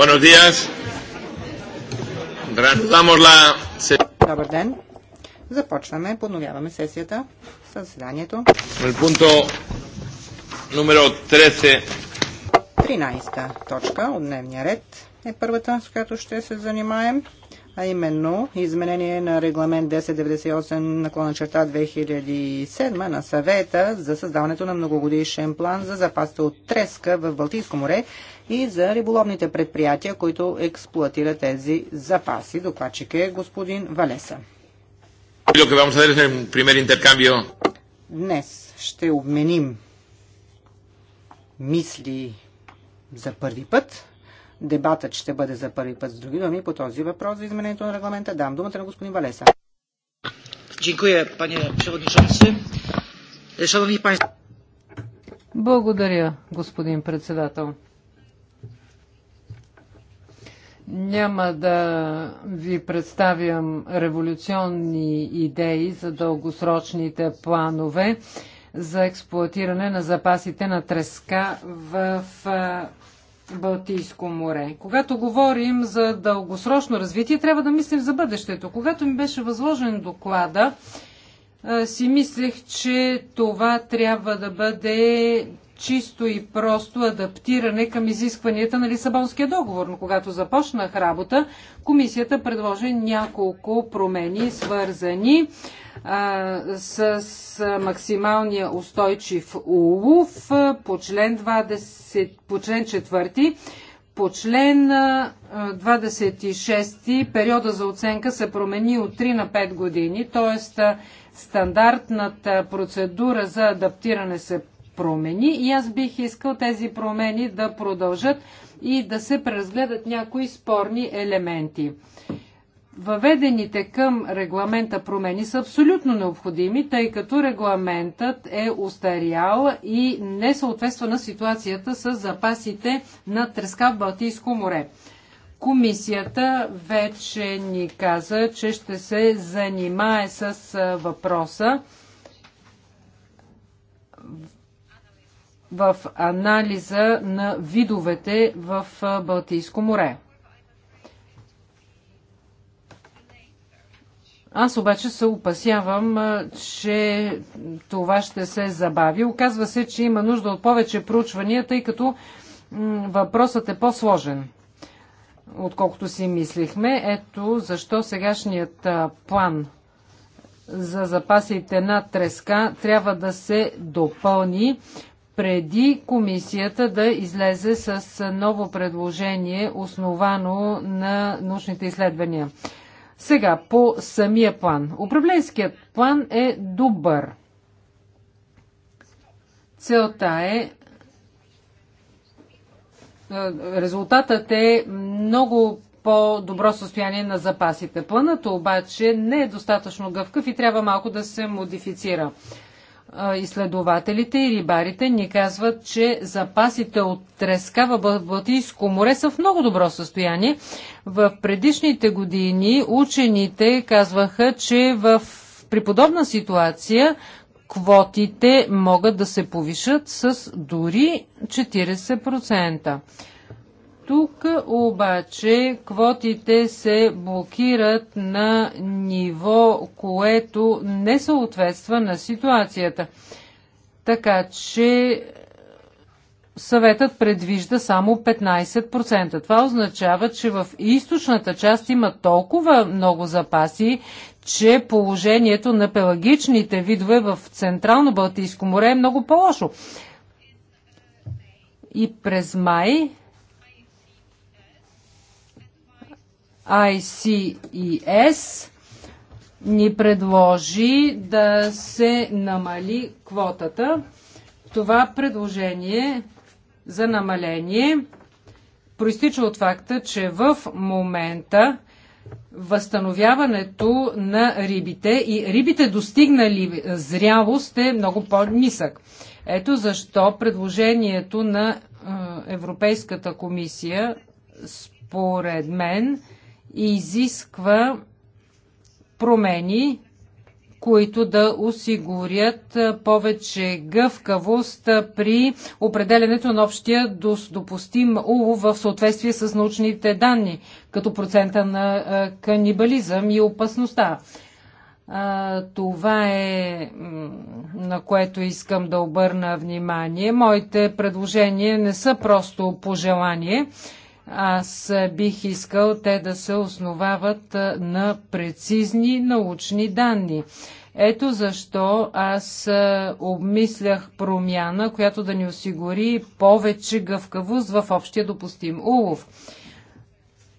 Buenos días. Reanudamos la... Добър ден. Започваме, подновяваме сесията, съседанието. El punto número 13. 13 точка от дневния ред е първата, с която ще се занимаем а именно изменение на регламент 1098 наклона черта 2007 на съвета за създаването на многогодишен план за запаса от треска в Балтийско море и за риболовните предприятия, които експлуатират тези запаси. Докладчик е господин Валеса. Днес ще обменим мисли за първи път дебатът ще бъде за първи път. С други думи, по този въпрос за изменението на регламента дам думата на господин Валеса. Благодаря, господин председател. Няма да ви представям революционни идеи за дългосрочните планове за експлуатиране на запасите на треска в Балтийско море. Когато говорим за дългосрочно развитие, трябва да мислим за бъдещето. Когато ми беше възложен доклада, си мислех, че това трябва да бъде чисто и просто адаптиране към изискванията на Лисабонския договор. Но когато започнах работа, комисията предложи няколко промени, свързани а, с максималния устойчив улов по член, 20, по член 4 по член 26 периода за оценка се промени от 3 на 5 години, т.е. стандартната процедура за адаптиране се промени и аз бих искал тези промени да продължат и да се преразгледат някои спорни елементи. Въведените към регламента промени са абсолютно необходими, тъй като регламентът е устарял и не съответства на ситуацията с запасите на треска в Балтийско море. Комисията вече ни каза, че ще се занимае с въпроса в анализа на видовете в Балтийско море. Аз обаче се опасявам, че това ще се забави. Оказва се, че има нужда от повече проучвания, тъй като въпросът е по-сложен, отколкото си мислихме. Ето защо сегашният план за запасите на треска трябва да се допълни преди комисията да излезе с ново предложение, основано на научните изследвания. Сега, по самия план. Управленският план е добър. Целта е, е резултатът е много по-добро състояние на запасите. Планът обаче не е достатъчно гъвкав и трябва малко да се модифицира изследователите и рибарите ни казват, че запасите от треска в Балтийско море са в много добро състояние. В предишните години учените казваха, че в при подобна ситуация квотите могат да се повишат с дори 40%. Тук обаче квотите се блокират на ниво, което не съответства на ситуацията. Така че съветът предвижда само 15%. Това означава, че в източната част има толкова много запаси, че положението на пелагичните видове в Централно-Балтийско море е много по-лошо. И през май ICES ни предложи да се намали квотата. Това предложение за намаление проистича от факта, че в момента възстановяването на рибите и рибите достигнали зрялост е много по-нисък. Ето защо предложението на Европейската комисия според мен и изисква промени, които да осигурят повече гъвкавост при определенето на общия допустим улов в съответствие с научните данни, като процента на канибализъм и опасността. Това е на което искам да обърна внимание. Моите предложения не са просто пожелание. Аз бих искал те да се основават на прецизни научни данни. Ето защо аз обмислях промяна, която да ни осигури повече гъвкавост в общия допустим улов.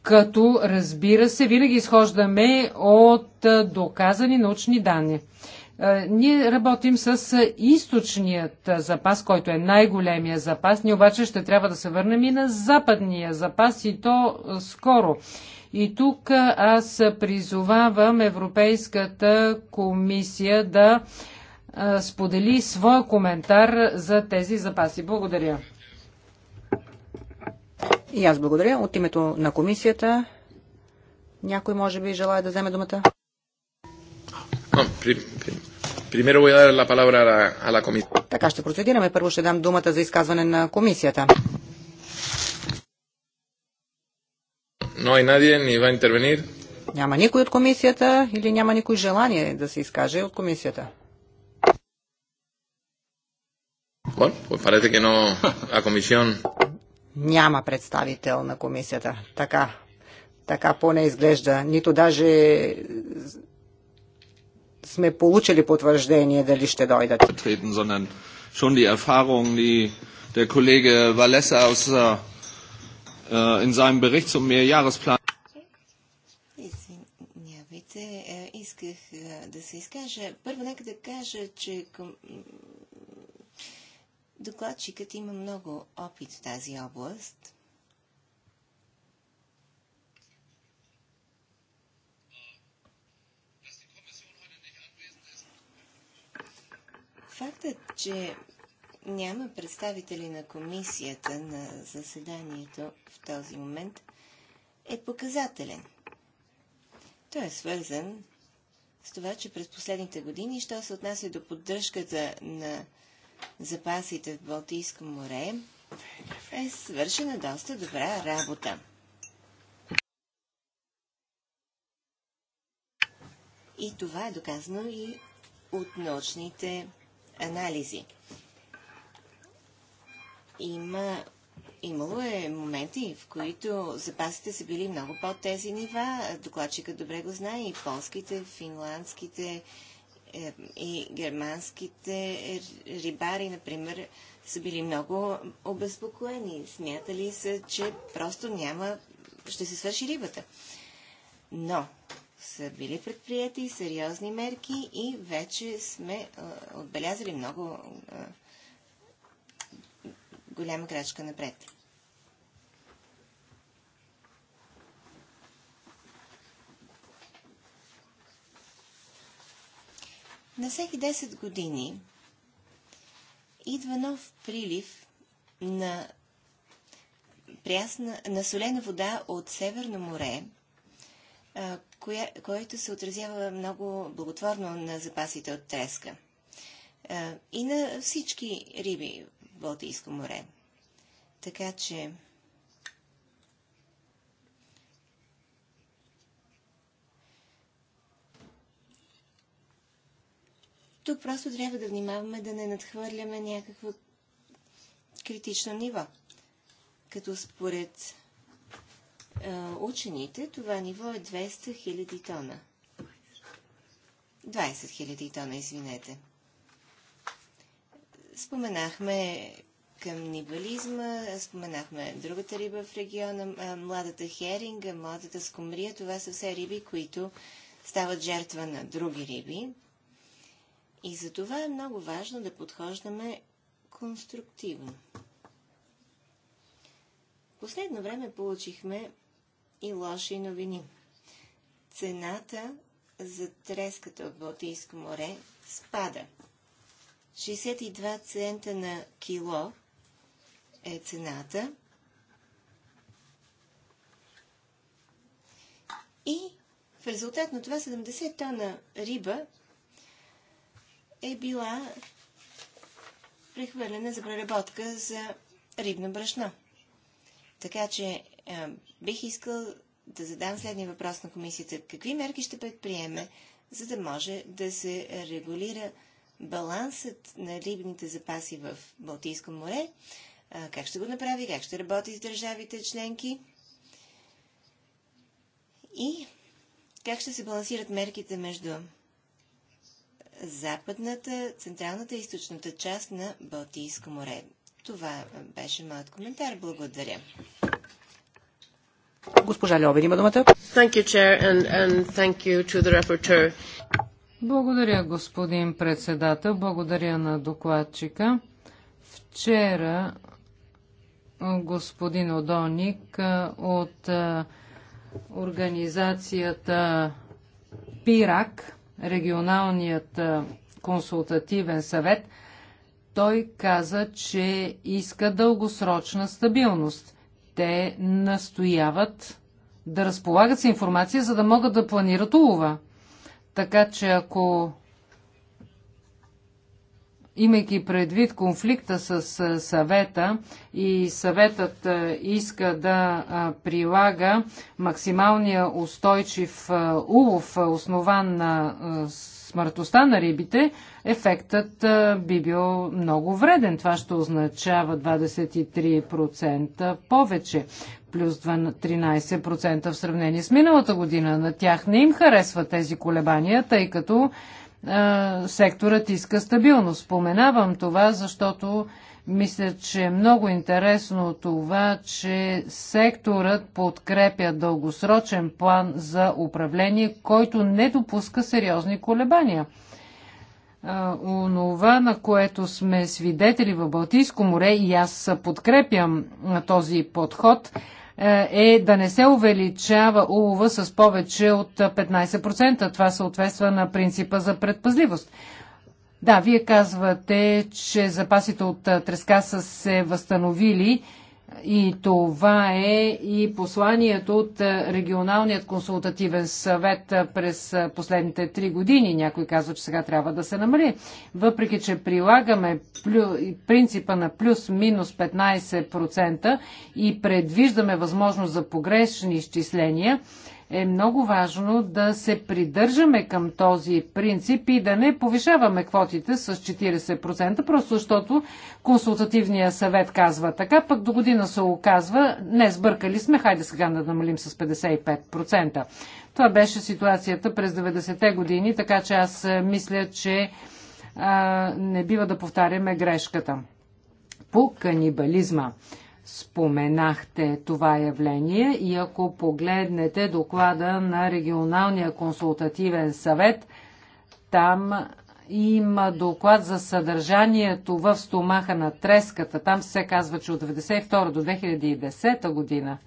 Като, разбира се, винаги изхождаме от доказани научни данни. Е, ние работим с е, източният е, запас, който е най-големия запас. Ние обаче ще трябва да се върнем и на западния запас и то скоро. И тук аз призовавам Европейската комисия да сподели своя коментар за тези запаси. Благодаря. И аз благодаря. От името на комисията някой може би желая да вземе думата. Primero voy a dar la palabra a la, a la комисия. Така ще процедираме. Първо ще дам думата за изказване на комисията. No hay nadie, ni va a intervenir. Няма никой от комисията или няма никой желание да се изкаже от комисията? Bueno, pues parece que no, a comisión... Няма представител на комисията. Така. Така поне изглежда. Нито даже сме получили потвърждение дали ще дойдат. Schon die Erfahrung, die der Kollege Valessa aus, äh, äh in seinem Bericht zum Mehrjahresplan. Е, исках е, да се изкажа. Първо нека да кажа, че към... докладчикът има много опит в тази област. Фактът, че няма представители на комисията на заседанието в този момент е показателен. Той е свързан с това, че през последните години, що се отнася до поддръжката на запасите в Балтийско море, е свършена доста добра работа. И това е доказано и от научните анализи. Има, имало е моменти, в които запасите са били много под тези нива. Докладчика добре го знае и полските, финландските е, и германските рибари, например, са били много обезпокоени. Смятали са, че просто няма, ще се свърши рибата. Но са били предприяти сериозни мерки и вече сме а, отбелязали много а, голяма крачка напред. На всеки 10 години идва нов прилив на, прясна, на солена вода от Северно море, коя, който се отразява много благотворно на запасите от треска а, и на всички риби в Балтийско море. Така че Тук просто трябва да внимаваме да не надхвърляме някакво критично ниво. Като според е, учените, това ниво е 200 000 тона. 20 000 тона, извинете. Споменахме към споменахме другата риба в региона, е, младата херинга, младата скумрия. Това са все риби, които стават жертва на други риби. И за това е много важно да подхождаме конструктивно. Последно време получихме и лоши новини. Цената за треската от Балтийско море спада. 62 цента на кило е цената. И в резултат на това 70 тона риба е била прехвърлена за преработка за рибна брашна. Така че Бих искал да задам следния въпрос на комисията. Какви мерки ще предприеме, за да може да се регулира балансът на рибните запаси в Балтийско море? как ще го направи? Как ще работи с държавите членки? И как ще се балансират мерките между западната, централната и източната част на Балтийско море? Това беше моят коментар. Благодаря. Госпожа Льовин има думата. Благодаря, господин председател. Благодаря на докладчика. Вчера господин Одоник от организацията ПИРАК, регионалният консултативен съвет, той каза, че иска дългосрочна стабилност – те настояват да разполагат с информация, за да могат да планират улова. Така че ако имайки предвид конфликта с съвета и съветът иска да прилага максималния устойчив улов, основан на смъртността на рибите, ефектът би бил много вреден. Това ще означава 23% повече, плюс 13% в сравнение с миналата година. На тях не им харесва тези колебания, тъй като секторът иска стабилност. Споменавам това, защото мисля, че е много интересно това, че секторът подкрепя дългосрочен план за управление, който не допуска сериозни колебания. Онова, на което сме свидетели в Балтийско море, и аз подкрепям този подход, е да не се увеличава улова с повече от 15%. Това съответства на принципа за предпазливост. Да, вие казвате, че запасите от треска са се възстановили и това е и посланието от регионалният консултативен съвет през последните три години. Някой казва, че сега трябва да се намали. Въпреки, че прилагаме принципа на плюс-минус 15% и предвиждаме възможност за погрешни изчисления, е много важно да се придържаме към този принцип и да не повишаваме квотите с 40%, просто защото консултативния съвет казва така, пък до година се оказва, не сбъркали сме, хайде сега да намалим с 55%. Това беше ситуацията през 90-те години, така че аз е, мисля, че а, не бива да повтаряме грешката. По канибализма споменахте това явление и ако погледнете доклада на Регионалния консултативен съвет, там има доклад за съдържанието в стомаха на треската. Там се казва, че от 1992 до 2010 година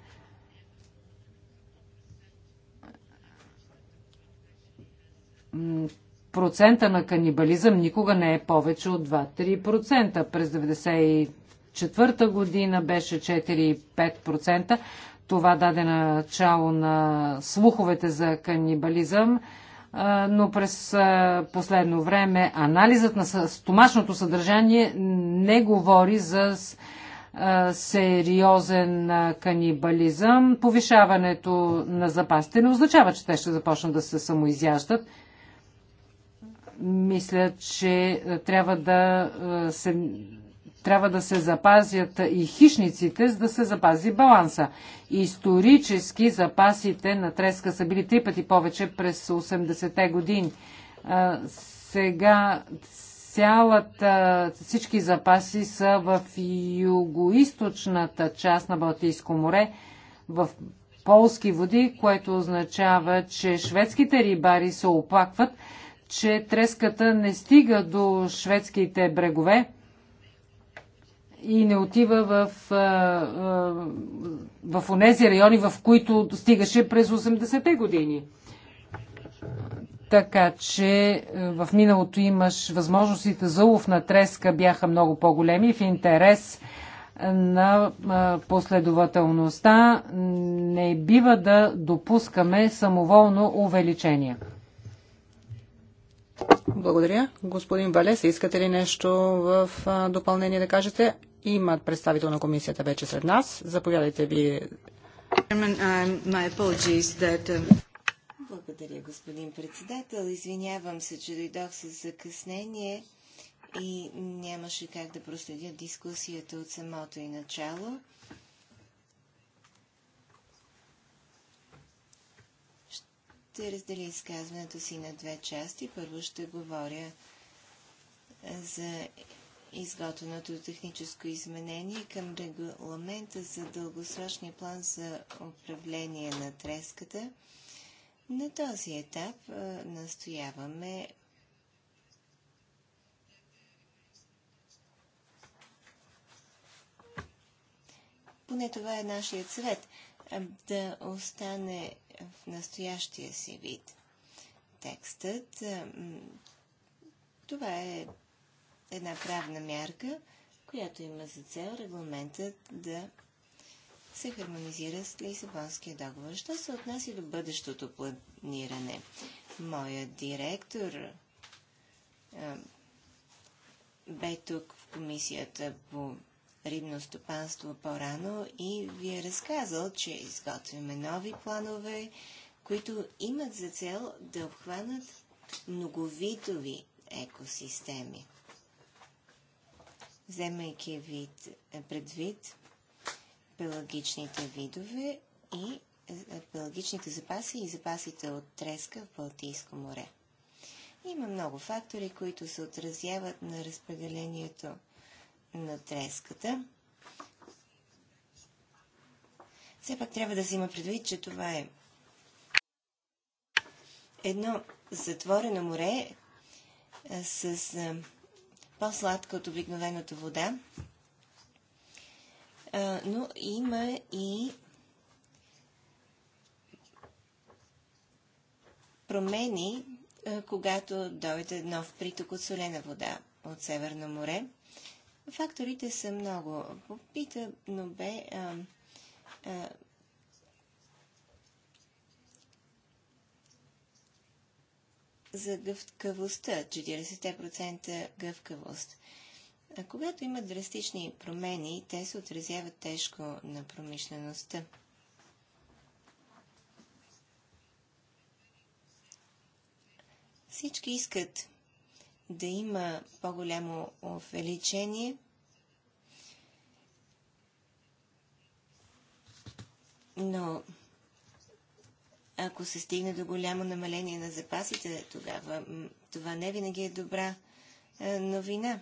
процента на канибализъм никога не е повече от 2-3%. През Четвърта година беше 4,5%. Това даде начало на слуховете за канибализъм, но през последно време анализът на стомашното съдържание не говори за сериозен канибализъм. Повишаването на запасите не означава, че те ще започнат да се самоизяждат. Мисля, че трябва да се трябва да се запазят и хищниците, за да се запази баланса. Исторически запасите на треска са били три пъти повече през 80-те години. Сега цялата, всички запаси са в югоисточната част на Балтийско море, в полски води, което означава, че шведските рибари се оплакват, че треската не стига до шведските брегове и не отива в, в, в онези райони, в които стигаше през 80-те години. Така че в миналото имаш възможностите за лов на треска бяха много по-големи в интерес на последователността. Не бива да допускаме самоволно увеличение. Благодаря. Господин Валес, искате ли нещо в допълнение да кажете? имат представител на комисията вече сред нас. Заповядайте ви. Um, um, Благодаря, господин председател. Извинявам се, че дойдох с закъснение и нямаше как да проследя дискусията от самото и начало. ще разделя изказването си на две части. Първо ще говоря за изготвеното техническо изменение към регламента за дългосрочния план за управление на треската. На този етап настояваме поне това е нашият съвет, да остане в настоящия си вид. Текстът, това е една правна мярка, която има за цел регламентът да се хармонизира с Лисабонския договор. Що се отнася до бъдещото планиране? Моят директор а, бе тук в комисията по рибно стопанство по-рано и ви е разказал, че изготвяме нови планове, които имат за цел да обхванат многовитови екосистеми вземайки вид, е, предвид пелагичните видове и е, пелагичните запаси и запасите от треска в Балтийско море. Има много фактори, които се отразяват на разпределението на треската. Все пак трябва да се има предвид, че това е едно затворено море е, с по-сладка от обикновената вода. А, но има и промени, а, когато дойде нов приток от солена вода от Северно море. Факторите са много. Попита, но бе а, а, за гъвкавостта, 40% гъвкавост. А когато има драстични промени, те се отразяват тежко на промишлеността. Всички искат да има по-голямо увеличение. Но ако се стигне до голямо намаление на запасите, тогава това не винаги е добра е, новина.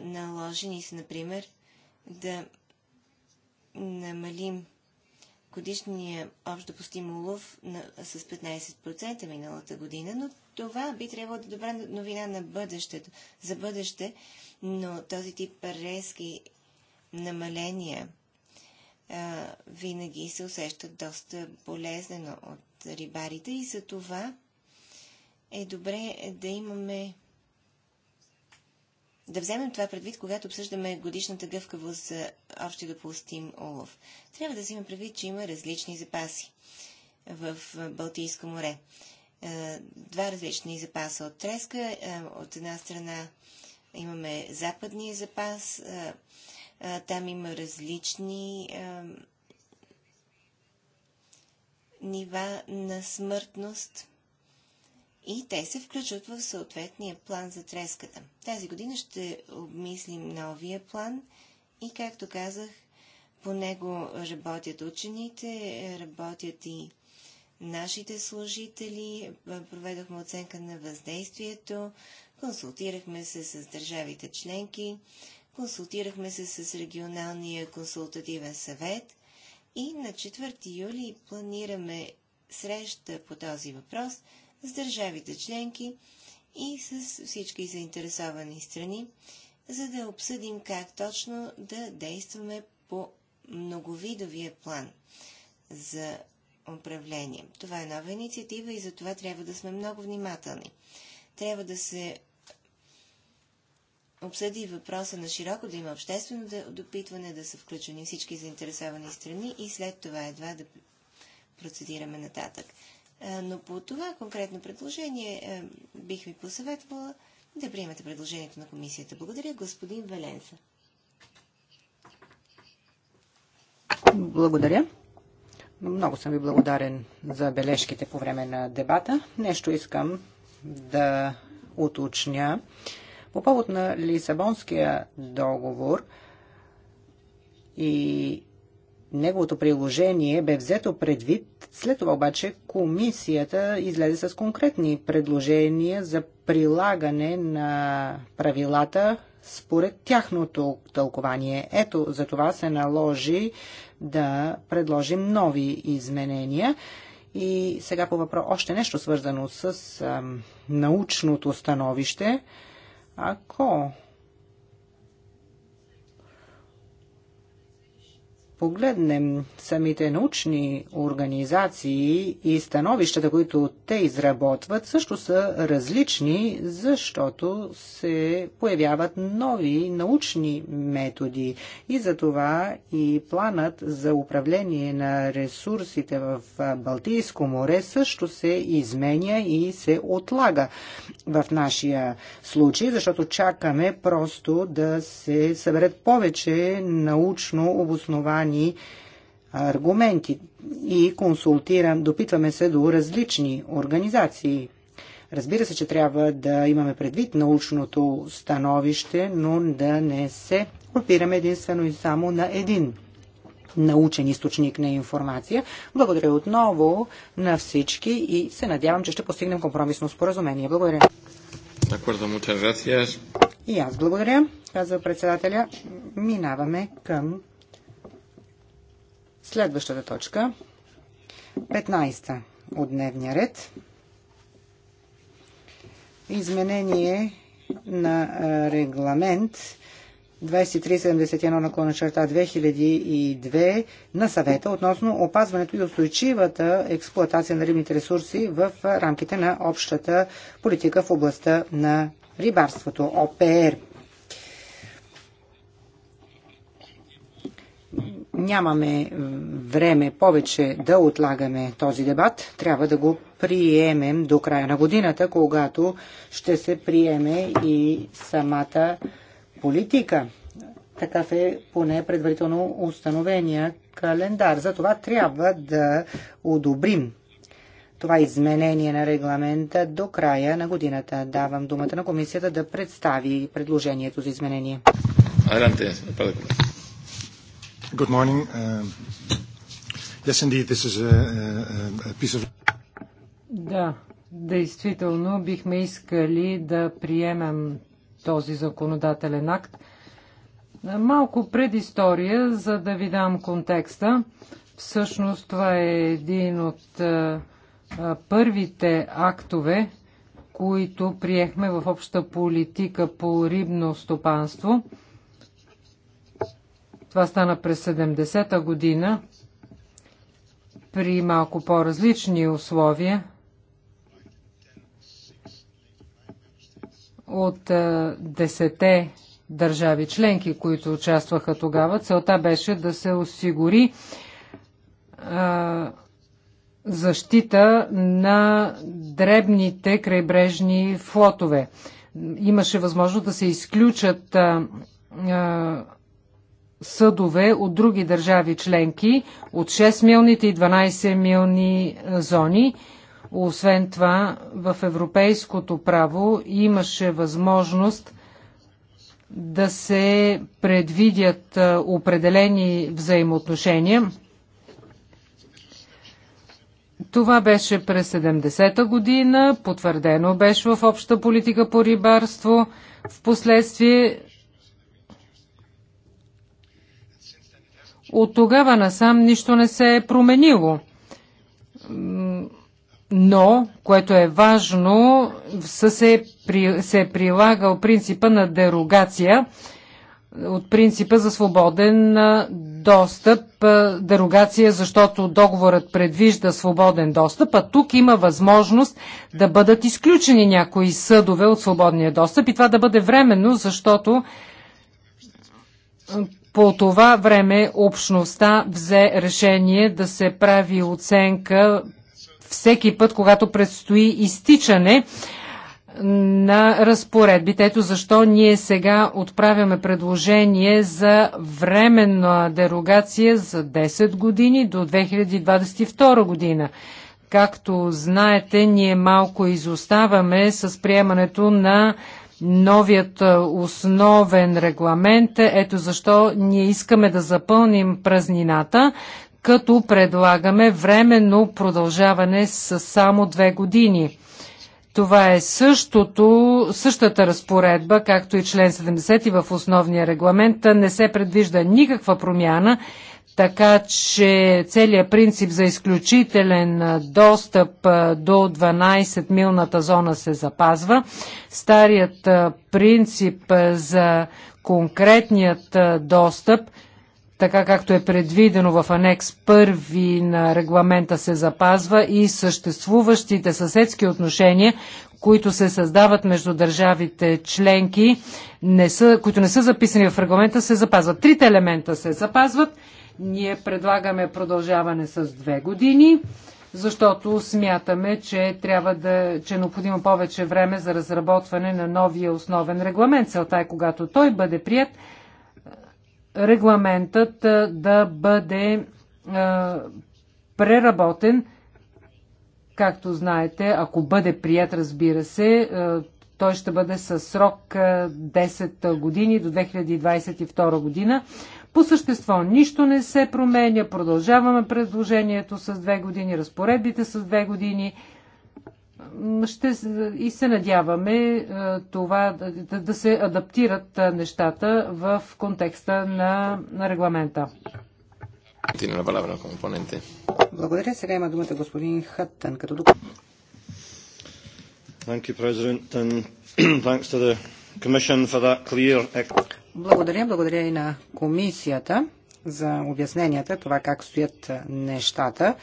Наложени са, например, да намалим годишния общо допустим улов с 15% миналата година, но това би трябвало да е добра новина на бъдещето, за бъдеще, но този тип резки намаления – винаги се усещат доста болезнено от рибарите и за това е добре да имаме да вземем това предвид, когато обсъждаме годишната гъвкавост за общи допустим улов. Трябва да вземем предвид, че има различни запаси в Балтийско море. Два различни запаса от треска. От една страна имаме западния запас, там има различни нива на смъртност и те се включват в съответния план за треската. Тази година ще обмислим новия план и, както казах, по него работят учените, работят и нашите служители, проведохме оценка на въздействието, консултирахме се с държавите членки, консултирахме се с регионалния консултативен съвет и на 4 юли планираме среща по този въпрос с държавите членки и с всички заинтересовани страни, за да обсъдим как точно да действаме по многовидовия план за управление. Това е нова инициатива и за това трябва да сме много внимателни. Трябва да се обсъди въпроса на широко да има обществено допитване, да са включени всички заинтересовани страни и след това едва да процедираме нататък. Но по това конкретно предложение бих ви посъветвала да приемете предложението на комисията. Благодаря, господин Валенса. Благодаря. Много съм ви благодарен за бележките по време на дебата. Нещо искам да уточня. По повод на Лисабонския договор и неговото приложение бе взето предвид, след това обаче комисията излезе с конкретни предложения за прилагане на правилата според тяхното тълкование. Ето, за това се наложи да предложим нови изменения. И сега по въпрос още нещо свързано с а, научното становище. Ако погледнем самите научни организации и становищата, които те изработват, също са различни, защото се появяват нови научни методи. И за това и планът за управление на ресурсите в Балтийско море също се изменя и се отлага в нашия случай, защото чакаме просто да се съберат повече научно обосновани подбрани аргументи и консултирам, допитваме се до различни организации. Разбира се, че трябва да имаме предвид научното становище, но да не се опираме единствено и само на един научен източник на информация. Благодаря отново на всички и се надявам, че ще постигнем компромисно споразумение. Благодаря. И аз благодаря, казва председателя. Минаваме към Следващата точка. 15 та от дневния ред. Изменение на регламент 2371 наклона черта 2002 на съвета относно опазването и устойчивата експлуатация на рибните ресурси в рамките на общата политика в областта на рибарството, ОПР. Нямаме време повече да отлагаме този дебат. Трябва да го приемем до края на годината, когато ще се приеме и самата политика. Такъв е поне предварително установения календар. За това трябва да одобрим това изменение на регламента до края на годината. Давам думата на комисията да представи предложението за изменение. Аранте, Good morning. Uh, yes, indeed, this is a piece of... Да, действително бихме искали да приемем този законодателен акт. Малко предистория, за да ви дам контекста. Всъщност това е един от е, е, първите актове, които приехме в обща политика по рибно стопанство – това стана през 70-та година при малко по-различни условия от е, десете държави членки, които участваха тогава. Целта беше да се осигури а, е, защита на дребните крайбрежни флотове. Имаше възможност да се изключат а, е, а, съдове от други държави членки, от 6-милните и 12-милни е, зони. Освен това, в европейското право имаше възможност да се предвидят е, определени взаимоотношения. Това беше през 70-та година, потвърдено беше в обща политика по рибарство. Впоследствие От тогава насам нищо не се е променило. Но, което е важно, се е, при, се е прилагал принципа на дерогация от принципа за свободен достъп. Дерогация, защото договорът предвижда свободен достъп, а тук има възможност да бъдат изключени някои съдове от свободния достъп и това да бъде временно, защото по това време общността взе решение да се прави оценка всеки път, когато предстои изтичане на разпоредбите. Ето защо ние сега отправяме предложение за временна дерогация за 10 години до 2022 година. Както знаете, ние малко изоставаме с приемането на новият е, основен регламент. Е, ето защо ние искаме да запълним празнината, като предлагаме временно продължаване с само две години. Това е същото, същата разпоредба, както и член 70 в основния регламент. Не се предвижда никаква промяна така че целият принцип за изключителен достъп до 12-милната зона се запазва. Старият принцип за конкретният достъп така както е предвидено в анекс първи на регламента се запазва и съществуващите съседски отношения, които се създават между държавите членки, не са, които не са записани в регламента, се запазват. Трите елемента се запазват ние предлагаме продължаване с две години, защото смятаме, че, трябва да, че е необходимо повече време за разработване на новия основен регламент. Целта е, когато той бъде прият, регламентът да бъде е, преработен. Както знаете, ако бъде прият, разбира се, е, той ще бъде със срок 10 години до 2022 година. По същество нищо не се променя, продължаваме предложението с две години, разпоредбите с две години ще, и се надяваме е, това да, да се адаптират е, нещата в контекста на, на регламента. Благодаря. Сега има думата господин Хаттен като доклад. Благодаря, благодаря и на комисията за обясненията, това как стоят е, нещата.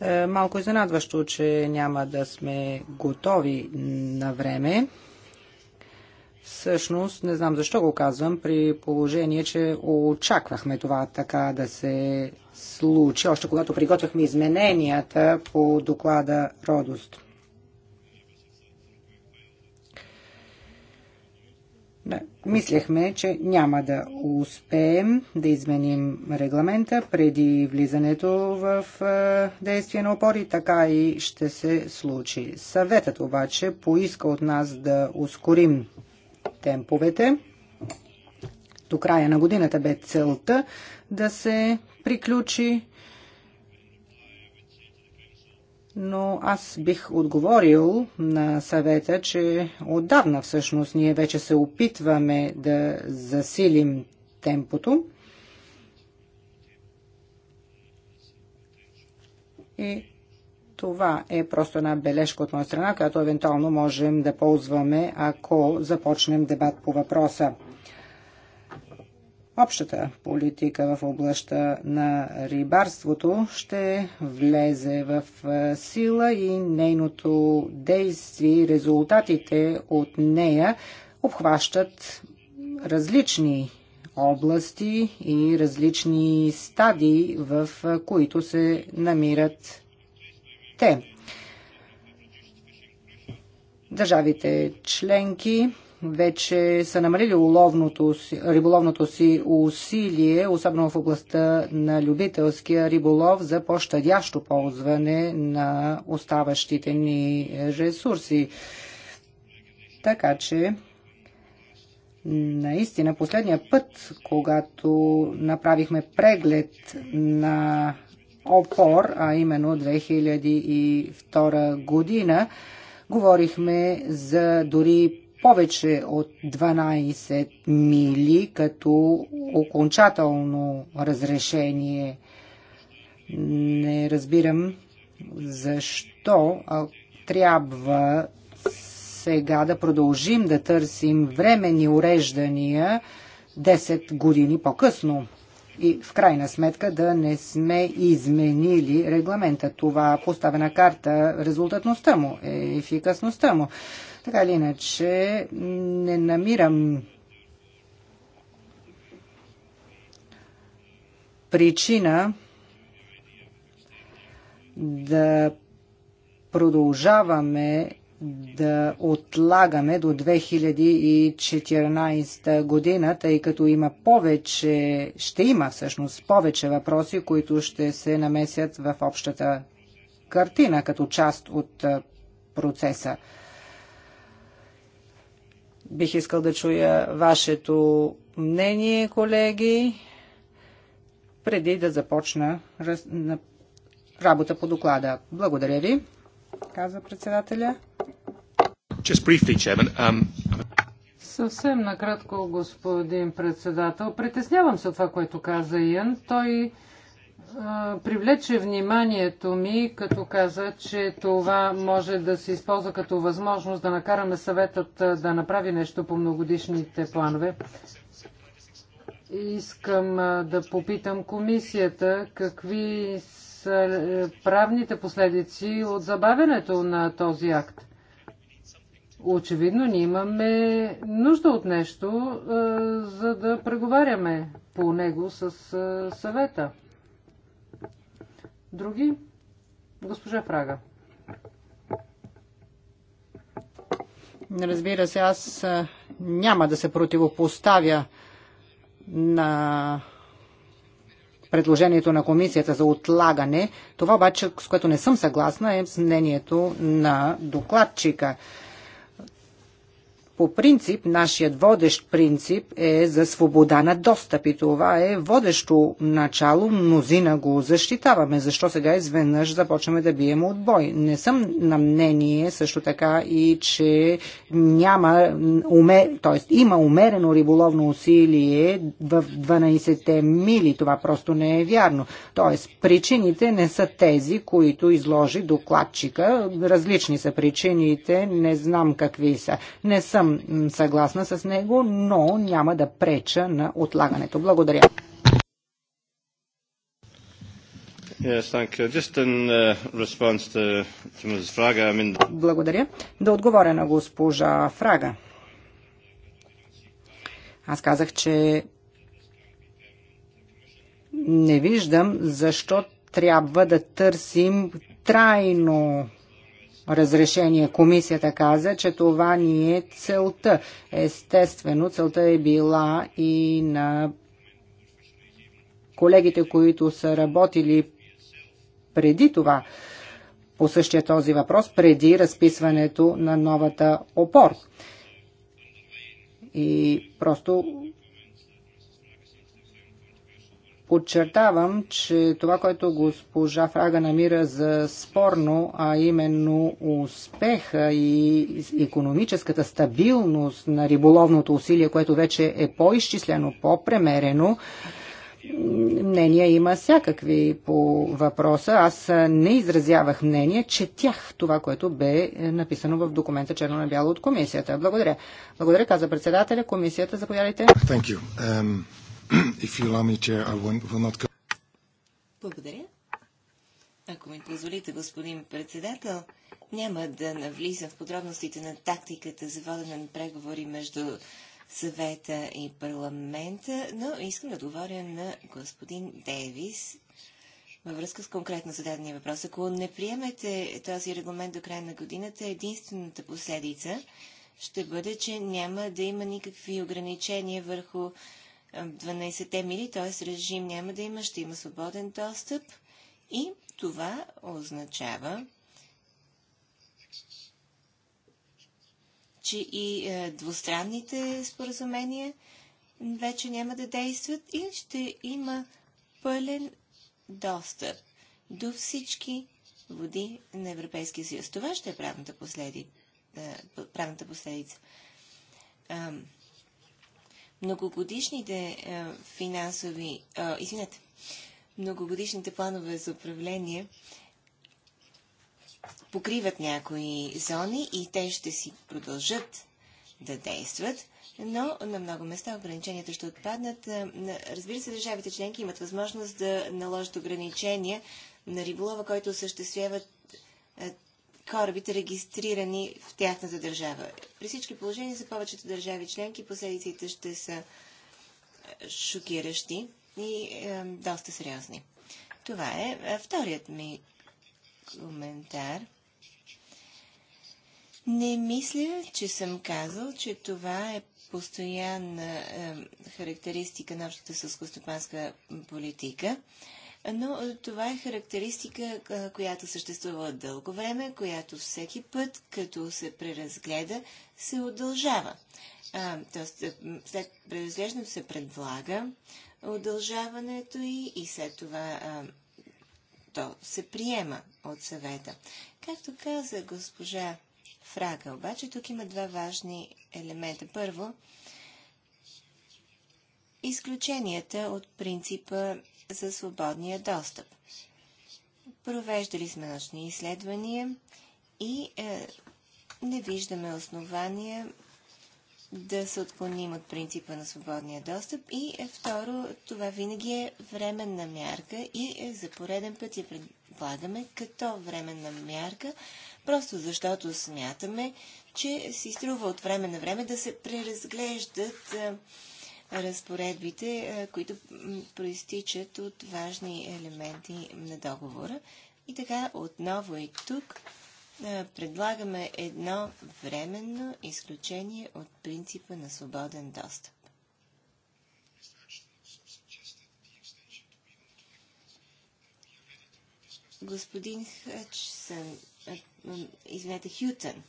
Е, малко изненадващо, че няма да сме готови на време. Всъщност, не знам защо го казвам, при положение, че очаквахме това така да се случи, още когато приготвяхме измененията по доклада Родост. Мислехме, че няма да успеем да изменим регламента преди влизането в действие на опори, така и ще се случи. Съветът обаче поиска от нас да ускорим темповете. До края на годината бе целта да се приключи но аз бих отговорил на съвета, че отдавна всъщност ние вече се опитваме да засилим темпото. И това е просто една бележка от моя страна, която евентуално можем да ползваме, ако започнем дебат по въпроса. Общата политика в областта на рибарството ще влезе в е, сила и нейното действие, резултатите от нея обхващат различни области и различни стадии, в е, които се намират те. Държавите членки вече са намалили уловното, риболовното си усилие, особено в областта на любителския риболов за по-щадящо ползване на оставащите ни ресурси. Така че Наистина, последния път, когато направихме преглед на опор, а именно 2002 година, говорихме за дори повече от 12 мили като окончателно разрешение. Не разбирам защо трябва сега да продължим да търсим временни уреждания 10 години по-късно. И в крайна сметка да не сме изменили регламента. Това поставена карта, резултатността му, ефикасността му. Така или иначе, не намирам причина да продължаваме да отлагаме до 2014 година, тъй като има повече, ще има всъщност повече въпроси, които ще се намесят в общата картина като част от процеса. Бих искал да чуя вашето мнение, колеги, преди да започна раз... работа по доклада. Благодаря ви, каза председателя. Just briefly, Chairman. Um... Съвсем накратко, господин председател. Притеснявам се от това, което каза Иен. Той привлече вниманието ми, като каза, че това може да се използва като възможност да накараме съветът да направи нещо по многодишните планове. Искам да попитам комисията какви са е, правните последици от забавянето на този акт. Очевидно, ние имаме нужда от нещо, за да преговаряме по него с съвета. Други? Госпожа Фрага. Разбира се, аз няма да се противопоставя на предложението на комисията за отлагане. Това обаче, с което не съм съгласна, е мнението на докладчика. По принцип, нашият водещ принцип е за свобода на достъп и това е водещо начало, мнозина го защитаваме. Защо сега изведнъж започваме да бием отбой? Не съм на мнение също така и, че няма, уме, т.е. има умерено риболовно усилие в 12-те мили. Това просто не е вярно. Т.е. причините не са тези, които изложи докладчика. Различни са причините, не знам какви са. Не съм съм съгласна с него, но няма да преча на отлагането. Благодаря. Yes, uh, to, to I mean... Благодаря. Да отговоря на госпожа Фрага. Аз казах, че не виждам защо трябва да търсим трайно разрешение. Комисията каза, че това ни е целта. Естествено, целта е била и на колегите, които са работили преди това по същия този въпрос, преди разписването на новата опор. И просто Подчертавам, че това, което госпожа Фрага намира за спорно, а именно успеха и економическата стабилност на риболовното усилие, което вече е по-изчислено, по-премерено, мнения има всякакви по въпроса. Аз не изразявах мнение, че тях това, което бе написано в документа черно на бяло от комисията. Благодаря. Благодаря, каза председателя. Комисията, заповядайте. Thank you. Um... If you allow me, Chair, I will, will not go. Благодаря. Ако ми позволите, господин председател, няма да навлизам в подробностите на тактиката за водене на преговори между съвета и парламента, но искам да говоря на господин Дейвис във връзка с конкретно зададения въпрос. Ако не приемете този регламент до края на годината, единствената последица ще бъде, че няма да има никакви ограничения върху 12-те мили, т.е. режим няма да има, ще има свободен достъп и това означава, че и е, двустранните споразумения вече няма да действат и ще има пълен достъп до всички води на Европейския съюз. Това ще е правната, последи, е, правната последица многогодишните е, финансови, е, извинете, многогодишните планове за управление покриват някои зони и те ще си продължат да действат, но на много места ограниченията ще отпаднат. Е, разбира се, държавите членки имат възможност да наложат ограничения на риболова, който осъществяват корабите, регистрирани в тяхната държава. При всички положения за повечето държави членки последиците ще са е, шокиращи и е, доста сериозни. Това е, е вторият ми коментар. Не мисля, че съм казал, че това е постоянна е, характеристика на общата сълскостопанска политика. Е, но е, това е характеристика, която съществува от дълго време, която всеки път, като се преразгледа, се удължава. Тоест, е, след преразглеждането се предлага удължаването и, и след това а, то се приема от съвета. Както каза госпожа Фрага, обаче тук има два важни елемента. Първо, изключенията от принципа за свободния достъп. Провеждали сме научни изследвания и е, не виждаме основания да се отклоним от принципа на свободния достъп. И е, второ, това винаги е временна мярка и е, за пореден път я предлагаме като временна мярка, просто защото смятаме, че си струва от време на време да се преразглеждат. Е, разпоредбите, е, които проистичат от важни елементи на договора. И така, отново и тук е, предлагаме едно временно изключение от принципа на свободен достъп. господин Хъчсън, извинете, Хютън,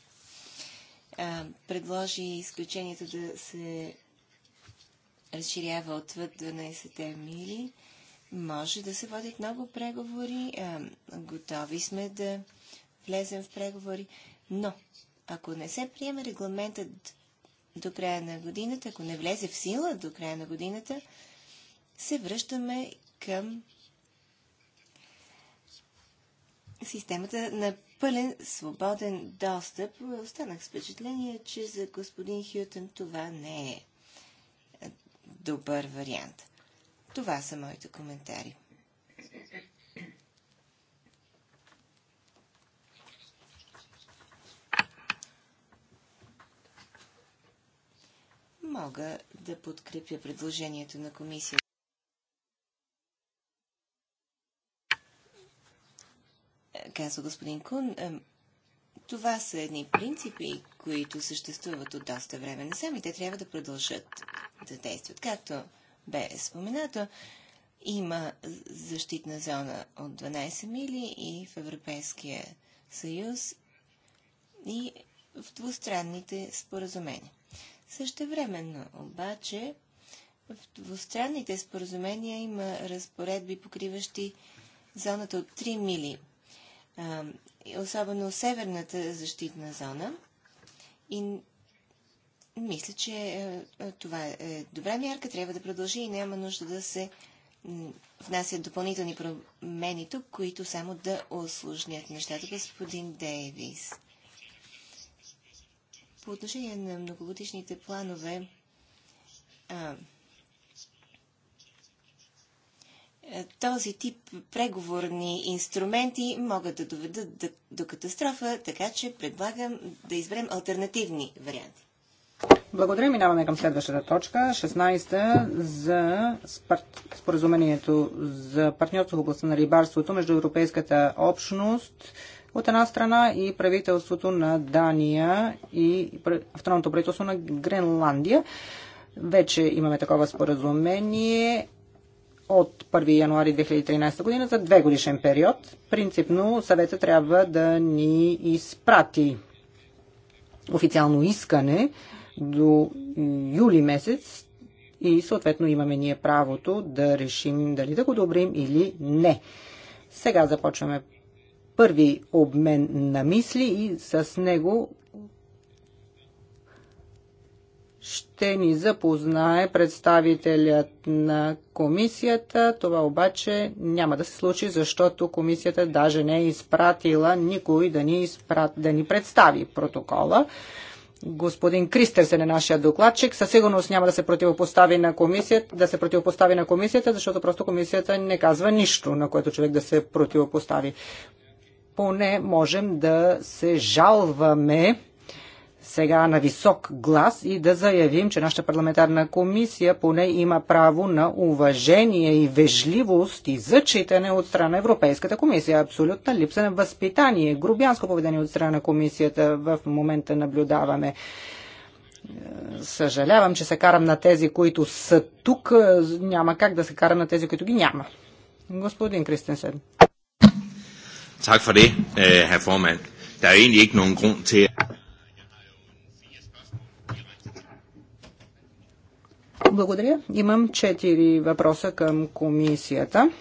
предложи изключението да се разширява отвъд 12 мили. Може да се водят много преговори. А, е, готови сме да влезем в преговори. Но, ако не се приеме регламентът до края на годината, ако не влезе в сила до края на годината, се връщаме към системата на пълен свободен достъп. Останах с впечатление, че за господин Хютън това не е добър вариант. Това са моите коментари. Мога да подкрепя предложението на комисията. Казва господин Кун, това са едни принципи, които съществуват от доста време насам и те трябва да продължат да действат. Както бе споменато, има защитна зона от 12 мили и в Европейския съюз и в двустранните споразумения. Същевременно обаче в двустранните споразумения има разпоредби, покриващи зоната от 3 мили особено северната защитна зона. И мисля, че е, е, това е добра мярка, трябва да продължи и няма нужда да се внасят допълнителни промени тук, които само да осложнят нещата. Господин Дейвис. По отношение на многогодишните планове, а, Е, този тип преговорни инструменти могат да доведат до катастрофа, така че предлагам да изберем альтернативни варианти. Благодаря. Минаваме към следващата точка. 16-та за споразумението за партньорство в областта на рибарството между Европейската общност от една страна и правителството на Дания и автономното правителство на Гренландия. Вече имаме такова споразумение от 1 януари 2013 година за две годишен период. Принципно съвета трябва да ни изпрати официално искане до юли месец и съответно имаме ние правото да решим дали да го добрим или не. Сега започваме първи обмен на мисли и с него ще ни запознае представителят на комисията. Това обаче няма да се случи, защото комисията даже не е изпратила никой да ни, изпрат, да ни представи протокола. Господин Кристерсен е нашия докладчик. Със сигурност няма да се противопостави на комисията, да се противопостави на комисията, защото просто комисията не казва нищо, на което човек да се противопостави. Поне можем да се жалваме сега на висок глас и да заявим, че нашата парламентарна комисия поне има право на уважение и вежливост и зачитане от страна на Европейската комисия. Абсолютна липса на възпитание, грубянско поведение от страна на комисията в момента наблюдаваме. Съжалявам, че се карам на тези, които са тук. Няма как да се карам на тези, които ги няма. Господин Кристенсен. Благодаря, господин øh, Der er egentlig ikke nogen grund til... Благодаря. Имам четири въпроса към комисията.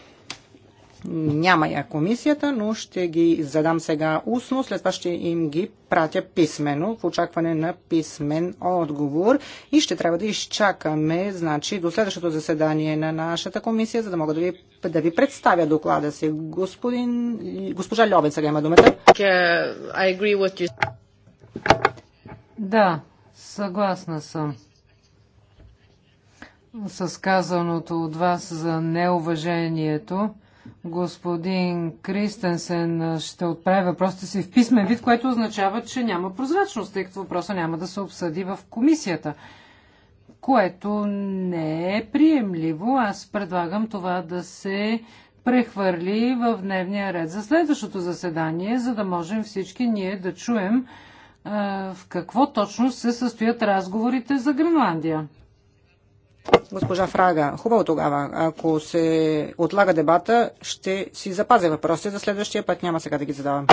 Няма я комисията, но ще ги задам сега устно, след това ще им ги пратя писмено в очакване на писмен отговор и ще трябва да изчакаме значи, до следващото заседание на нашата комисия, за да мога да ви, да ви представя доклада си. Господин, госпожа Льовен сега има думата. Да, съгласна съм с казаното от вас за неуважението. Господин Кристенсен ще отправи въпросите си в писмен вид, което означава, че няма прозрачност, тъй като въпроса няма да се обсъди в комисията, което не е приемливо. Аз предлагам това да се прехвърли в дневния ред за следващото заседание, за да можем всички ние да чуем в какво точно се състоят разговорите за Гренландия госпожа Фрага. Хубаво тогава. Ако се отлага дебата, ще си запазя въпросите за следващия път. Няма сега да ги задавам.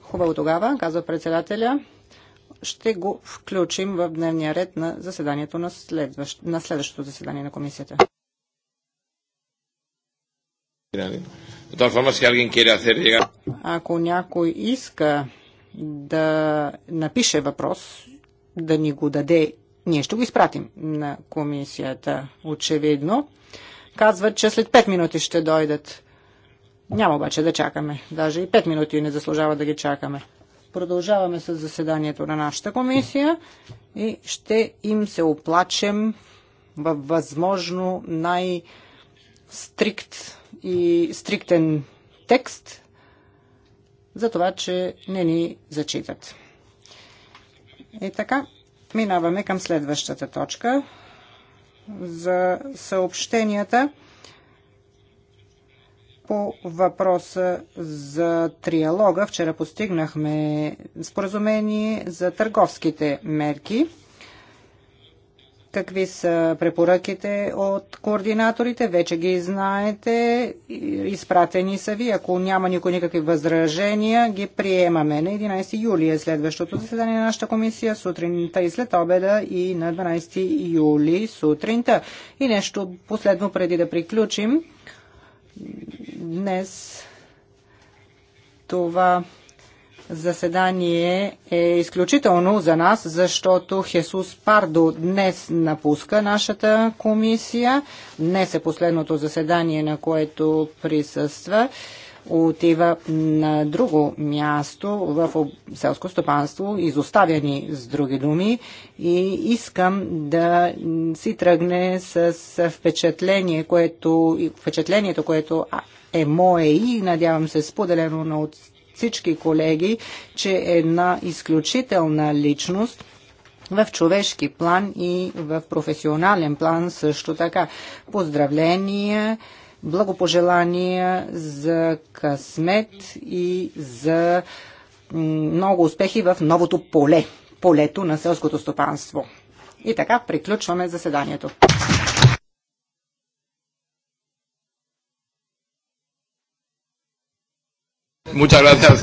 Хубаво тогава, казва председателя. Ще го включим в дневния ред на заседанието на, следващ, на следващото заседание на комисията. Ако някой иска да напише въпрос, да ни го даде ние ще го изпратим на комисията, очевидно. Казват, че след 5 минути ще дойдат. Няма обаче да чакаме. Даже и 5 минути не заслужава да ги чакаме. Продължаваме с заседанието на нашата комисия и ще им се оплачем във възможно най-стрикт и стриктен текст за това, че не ни зачитат. И е така, Минаваме към следващата точка за съобщенията по въпроса за триалога. Вчера постигнахме споразумение за търговските мерки. Какви са препоръките от координаторите? Вече ги знаете. Изпратени са ви. Ако няма никой никакви възражения, ги приемаме. На 11 юли е следващото заседание на нашата комисия, сутринта и след обеда и на 12 юли сутринта. И нещо последно преди да приключим. Днес това заседание е изключително за нас, защото Хесус Пардо днес напуска нашата комисия. Днес е последното заседание, на което присъства. Отива на друго място в селско стопанство, изоставя ни с други думи и искам да си тръгне с впечатление, което, впечатлението, което е мое и надявам се споделено на от всички колеги, че е една изключителна личност в човешки план и в професионален план също така. Поздравления, благопожелания за късмет и за много успехи в новото поле, полето на селското стопанство. И така приключваме заседанието. Muchas gracias.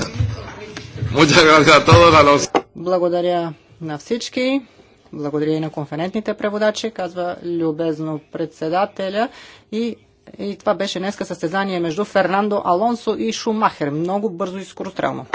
Muchas gracias a todos, a los... Благодаря на всички. Благодаря и на конферентните преводачи, казва любезно председателя. И, и това беше днеска състезание между Фернандо Алонсо и Шумахер. Много бързо и скорострелно.